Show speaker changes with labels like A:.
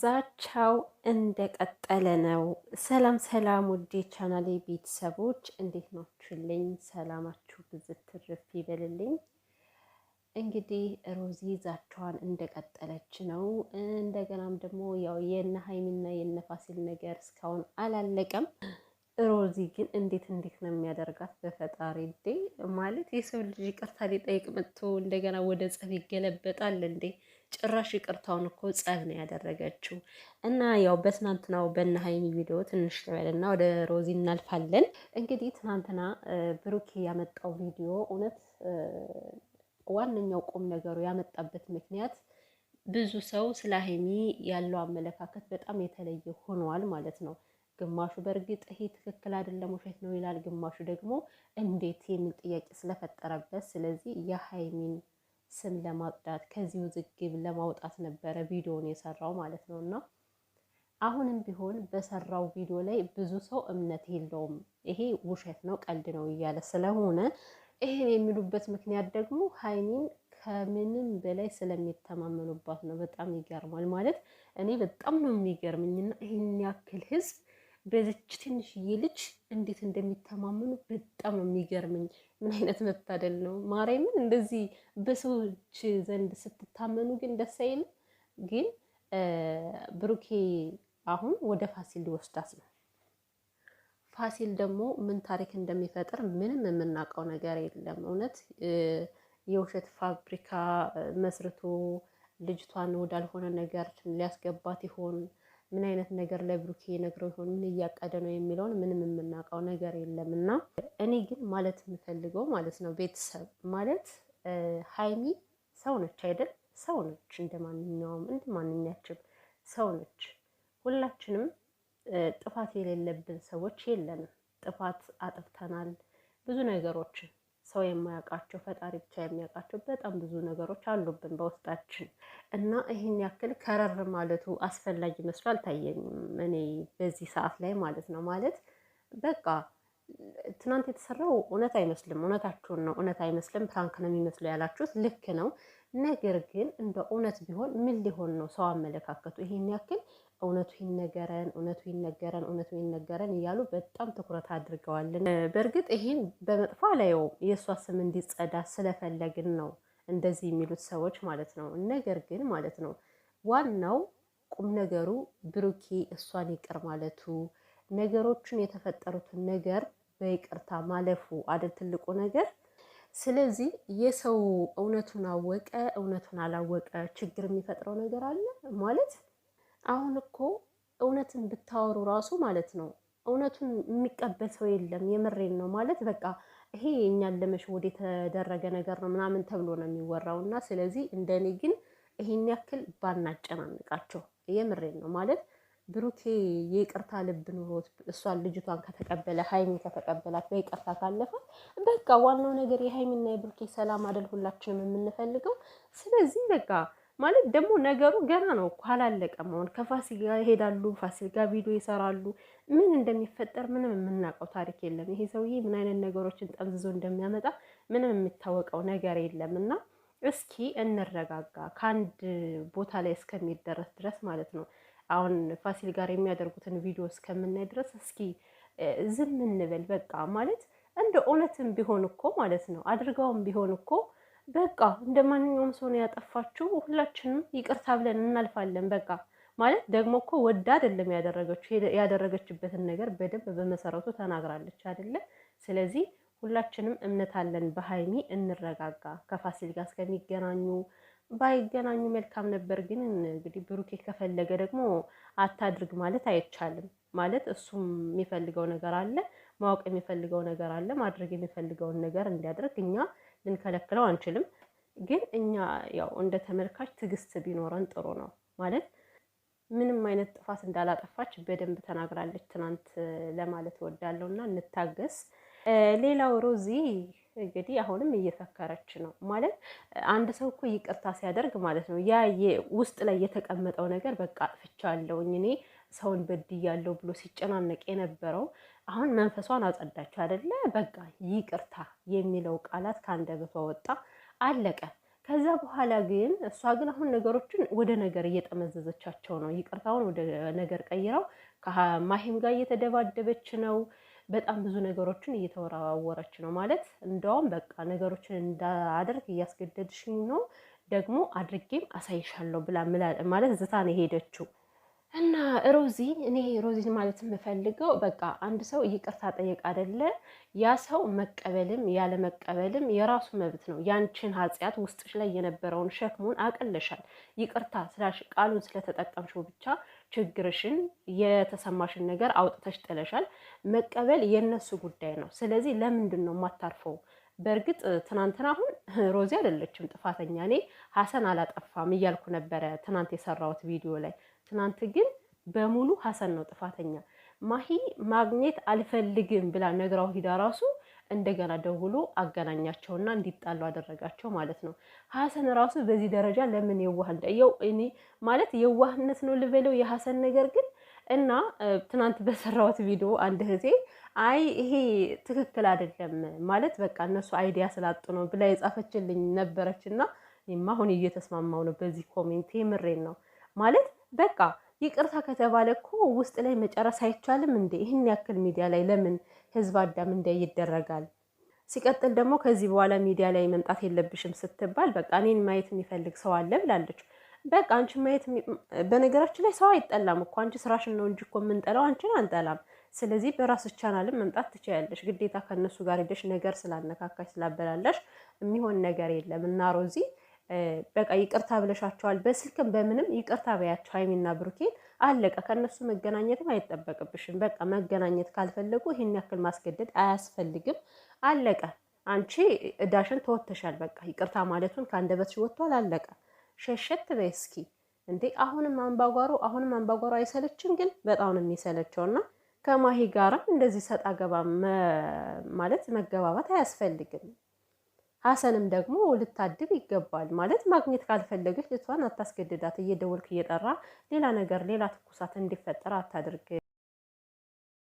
A: ዛቻው እንደቀጠለ ነው። ሰላም ሰላም፣ ውዴ ቻናሌ ቤተሰቦች እንዴት ናችሁልኝ? ሰላማችሁ ብዙ ትርፍ ይበልልኝ። እንግዲህ ሮዚ ዛቻዋን እንደቀጠለች ነው። እንደገናም ደግሞ ያው የነ ሀይሚና የነ ፋሲል ነገር እስካሁን አላለቀም። ሮዚ ግን እንዴት እንዴት ነው የሚያደርጋት? በፈጣሪ እንዴ! ማለት የሰው ልጅ ይቅርታ ሊጠይቅ መጥቶ እንደገና ወደ ጸብ ይገለበጣል እንዴ! ጭራሽ ይቅርታውን እኮ ጸብ ነው ያደረገችው። እና ያው በትናንትናው በእነ ሀይሚ ቪዲዮ ትንሽ ልበልና ወደ ሮዚ እናልፋለን። እንግዲህ ትናንትና ብሩኬ ያመጣው ቪዲዮ እውነት ዋነኛው ቁም ነገሩ ያመጣበት ምክንያት ብዙ ሰው ስለ ሀይሚ ያለው አመለካከት በጣም የተለየ ሆኗል ማለት ነው ግማሹ በእርግጥ ይሄ ትክክል አይደለም ውሸት ነው ይላል፣ ግማሹ ደግሞ እንዴት የሚል ጥያቄ ስለፈጠረበት ስለዚህ የሀይሚን ስም ለማጽዳት ከዚህ ውዝግብ ለማውጣት ነበረ ቪዲዮውን የሰራው ማለት ነው። እና አሁንም ቢሆን በሰራው ቪዲዮ ላይ ብዙ ሰው እምነት የለውም፣ ይሄ ውሸት ነው ቀልድ ነው እያለ ስለሆነ ይሄን የሚሉበት ምክንያት ደግሞ ሀይሚን ከምንም በላይ ስለሚተማመኑባት ነው። በጣም ይገርማል ማለት እኔ በጣም ነው የሚገርምኝና ይህን ያክል ህዝብ በዚች ትንሽዬ ልጅ እንዴት እንደሚተማመኑ በጣም ነው የሚገርምኝ። ምን አይነት መታደል ነው! ማርያምን እንደዚህ በሰዎች ዘንድ ስትታመኑ ግን ደስ አይልም። ግን ብሩኬ አሁን ወደ ፋሲል ሊወስዳት ነው። ፋሲል ደግሞ ምን ታሪክ እንደሚፈጥር ምንም የምናውቀው ነገር የለም። እውነት የውሸት ፋብሪካ መስርቶ ልጅቷን ወዳልሆነ ነገር ሊያስገባት ይሆን? ምን አይነት ነገር ለብሩኬ ነግረው ይሆን? ምን እያቀደ ነው የሚለውን ምንም የምናውቀው ነገር የለም። እና እኔ ግን ማለት የምፈልገው ማለት ነው ቤተሰብ ማለት ሀይሚ ሰው ነች አይደል? ሰው ነች፣ እንደ ማንኛውም እንደ ማንኛችም ሰው ነች። ሁላችንም ጥፋት የሌለብን ሰዎች የለንም። ጥፋት አጥፍተናል ብዙ ነገሮችን ሰው የማያውቃቸው ፈጣሪ ብቻ የሚያውቃቸው በጣም ብዙ ነገሮች አሉብን በውስጣችን እና ይህን ያክል ከረር ማለቱ አስፈላጊ መስሎ አልታየኝም። እኔ በዚህ ሰዓት ላይ ማለት ነው ማለት በቃ ትናንት የተሰራው እውነት አይመስልም። እውነታችሁን ነው፣ እውነት አይመስልም፣ ፕራንክ ነው የሚመስለው ያላችሁት ልክ ነው። ነገር ግን እንደ እውነት ቢሆን ምን ሊሆን ነው ሰው አመለካከቱ ይሄን ያክል እውነቱ ይነገረን እውነቱ ይነገረን እውነቱ ይነገረን እያሉ በጣም ትኩረት አድርገዋልን። በእርግጥ ይሄን በመጥፎ አላየውም። የእሷ ስም እንዲጸዳ ስለፈለግን ነው እንደዚህ የሚሉት ሰዎች ማለት ነው። ነገር ግን ማለት ነው ዋናው ቁም ነገሩ ብሩኬ እሷን ይቅር ማለቱ ነገሮቹን የተፈጠሩትን ነገር በይቅርታ ማለፉ አይደል ትልቁ ነገር። ስለዚህ የሰው እውነቱን አወቀ እውነቱን አላወቀ ችግር የሚፈጥረው ነገር አለ ማለት። አሁን እኮ እውነትን ብታወሩ ራሱ ማለት ነው እውነቱን የሚቀበል ሰው የለም። የምሬን ነው ማለት በቃ ይሄ እኛን ለመሸወድ የተደረገ ነገር ነው ምናምን ተብሎ ነው የሚወራው። እና ስለዚህ እንደኔ ግን ይሄን ያክል ባናጨናንቃቸው የምሬን ነው ማለት ብሩኬ የይቅርታ ልብ ኑሮት እሷን ልጅቷን ከተቀበለ ሀይሚ ከተቀበላት በይቅርታ ካለፈ በቃ ዋናው ነገር የሀይሚና የብሩኬ ሰላም አደል ሁላችንም የምንፈልገው። ስለዚህ በቃ ማለት ደግሞ ነገሩ ገና ነው እኮ አላለቀም። አሁን ከፋሲል ጋር ይሄዳሉ፣ ፋሲል ጋር ቪዲዮ ይሰራሉ። ምን እንደሚፈጠር ምንም የምናውቀው ታሪክ የለም። ይሄ ሰውዬ ምን አይነት ነገሮችን ጠምዝዞ እንደሚያመጣ ምንም የሚታወቀው ነገር የለም እና እስኪ እንረጋጋ ከአንድ ቦታ ላይ እስከሚደረስ ድረስ ማለት ነው። አሁን ፋሲል ጋር የሚያደርጉትን ቪዲዮ እስከምናይ ድረስ እስኪ ዝም እንበል። በቃ ማለት እንደ እውነትም ቢሆን እኮ ማለት ነው አድርጋውም ቢሆን እኮ በቃ እንደ ማንኛውም ሰው ነው ያጠፋችው። ሁላችንም ይቅርታ ብለን እናልፋለን። በቃ ማለት ደግሞ እኮ ወዳ አይደለም ያደረገችው። ያደረገችበትን ነገር በደንብ በመሰረቱ ተናግራለች አይደለ? ስለዚህ ሁላችንም እምነት አለን በሀይሚ እንረጋጋ። ከፋሲል ጋር እስከሚገናኙ ባይገናኙ መልካም ነበር። ግን እንግዲህ ብሩኬ ከፈለገ ደግሞ አታድርግ ማለት አይቻልም። ማለት እሱም የሚፈልገው ነገር አለ፣ ማወቅ የሚፈልገው ነገር አለ። ማድረግ የሚፈልገውን ነገር እንዲያደርግ እኛ ልንከለክለው አንችልም። ግን እኛ ያው እንደ ተመልካች ትዕግስት ቢኖረን ጥሩ ነው። ማለት ምንም አይነት ጥፋት እንዳላጠፋች በደንብ ተናግራለች ትናንት ለማለት እወዳለሁ እና እንታገስ። ሌላው ሮዚ እንግዲህ አሁንም እየሰከረች ነው ማለት አንድ ሰው እኮ ይቅርታ ሲያደርግ ማለት ነው ያ ውስጥ ላይ የተቀመጠው ነገር በቃ አጥፍቻለሁኝ እኔ ሰውን በድያለሁ ብሎ ሲጨናነቅ የነበረው አሁን መንፈሷን አጸዳችሁ አይደለ? በቃ ይቅርታ የሚለው ቃላት ከአንደበቷ ወጣ፣ አለቀ። ከዛ በኋላ ግን እሷ ግን አሁን ነገሮችን ወደ ነገር እየጠመዘዘቻቸው ነው። ይቅርታውን ወደ ነገር ቀይረው ከማሂም ጋር እየተደባደበች ነው። በጣም ብዙ ነገሮችን እየተወራወረች ነው ማለት እንደውም በቃ ነገሮችን እንዳደርግ እያስገደድሽኝ ነው ደግሞ አድርጌም አሳይሻለሁ ብላ ማለት ዝታ ነው የሄደችው። እና ሮዚ እኔ ሮዚን ማለት የምፈልገው በቃ አንድ ሰው ይቅርታ ጠየቅ አይደለ ያ ሰው መቀበልም ያለ መቀበልም የራሱ መብት ነው። ያንቺን ኃጢአት ውስጥሽ ላይ የነበረውን ሸክሙን አቀለሻል። ይቅርታ ስላሽ ቃሉን ስለተጠቀምሽው ብቻ ችግርሽን የተሰማሽን ነገር አውጥተሽ ጥለሻል። መቀበል የነሱ ጉዳይ ነው። ስለዚህ ለምንድን ነው የማታርፈው? በእርግጥ ትናንትና አሁን ሮዚ አይደለችም ጥፋተኛ፣ እኔ ሀሰን አላጠፋም እያልኩ ነበረ ትናንት የሰራሁት ቪዲዮ ላይ። ትናንት ግን በሙሉ ሀሰን ነው ጥፋተኛ። ማሂ ማግኘት አልፈልግም ብላ ነግራው ሂዳ ራሱ እንደገና ደውሎ አገናኛቸውና እንዲጣሉ አደረጋቸው ማለት ነው። ሀሰን ራሱ በዚህ ደረጃ ለምን የዋህ እኔ ማለት የዋህነት ነው ልበለው የሀሰን ነገር ግን እና ትናንት በሰራሁት ቪዲዮ አንድ እህቴ አይ ይሄ ትክክል አይደለም ማለት በቃ እነሱ አይዲያ ስላጡ ነው ብላ የጻፈችልኝ ነበረች። እና እኔማ አሁን እየተስማማው ነው በዚህ ኮሜንት የምሬን ነው ማለት በቃ ይቅርታ ከተባለ እኮ ውስጥ ላይ መጨረስ አይቻልም እንዴ? ይህን ያክል ሚዲያ ላይ ለምን ህዝብ አዳም እንደ ይደረጋል? ሲቀጥል ደግሞ ከዚህ በኋላ ሚዲያ ላይ መምጣት የለብሽም ስትባል በቃ እኔን ማየት የሚፈልግ ሰው አለ ብላለች። በቃ አንቺ ማየት በነገራችን ላይ ሰው አይጠላም እኮ አንቺ ስራሽን ነው እንጂ እኮ የምንጠላው አንቺን አንጠላም። ስለዚህ በራስ ቻናልም መምጣት ትችያለሽ። ግዴታ ከእነሱ ጋር ሄደሽ ነገር ስላነካካሽ ስላበላለሽ የሚሆን ነገር የለም እና ሮዚ በቃ ይቅርታ ብለሻቸዋል። በስልክም በምንም ይቅርታ በያቸው ሀይሚና ብሩኬን አለቀ። ከእነሱ መገናኘትም አይጠበቅብሽም። በቃ መገናኘት ካልፈለጉ ይህን ያክል ማስገደድ አያስፈልግም። አለቀ። አንቺ እዳሽን ተወተሻል። በቃ ይቅርታ ማለቱን ከአንደበትሽ ወጥቷል። አለቀ። ሸሸት በይ እስኪ እንዴ! አሁንም አምባጓሮ አሁንም አምባጓሮ አይሰለችም? ግን በጣም ነው የሚሰለቸው እና ከማሂ ጋርም እንደዚህ ሰጣ ገባ ማለት መገባባት አያስፈልግም። ሀሰንም ደግሞ ልታድብ ይገባል ማለት ማግኘት ካልፈለገች ልቷን አታስገድዳት። እየደወልክ እየጠራ ሌላ ነገር ሌላ ትኩሳት እንዲፈጠር አታድርግ።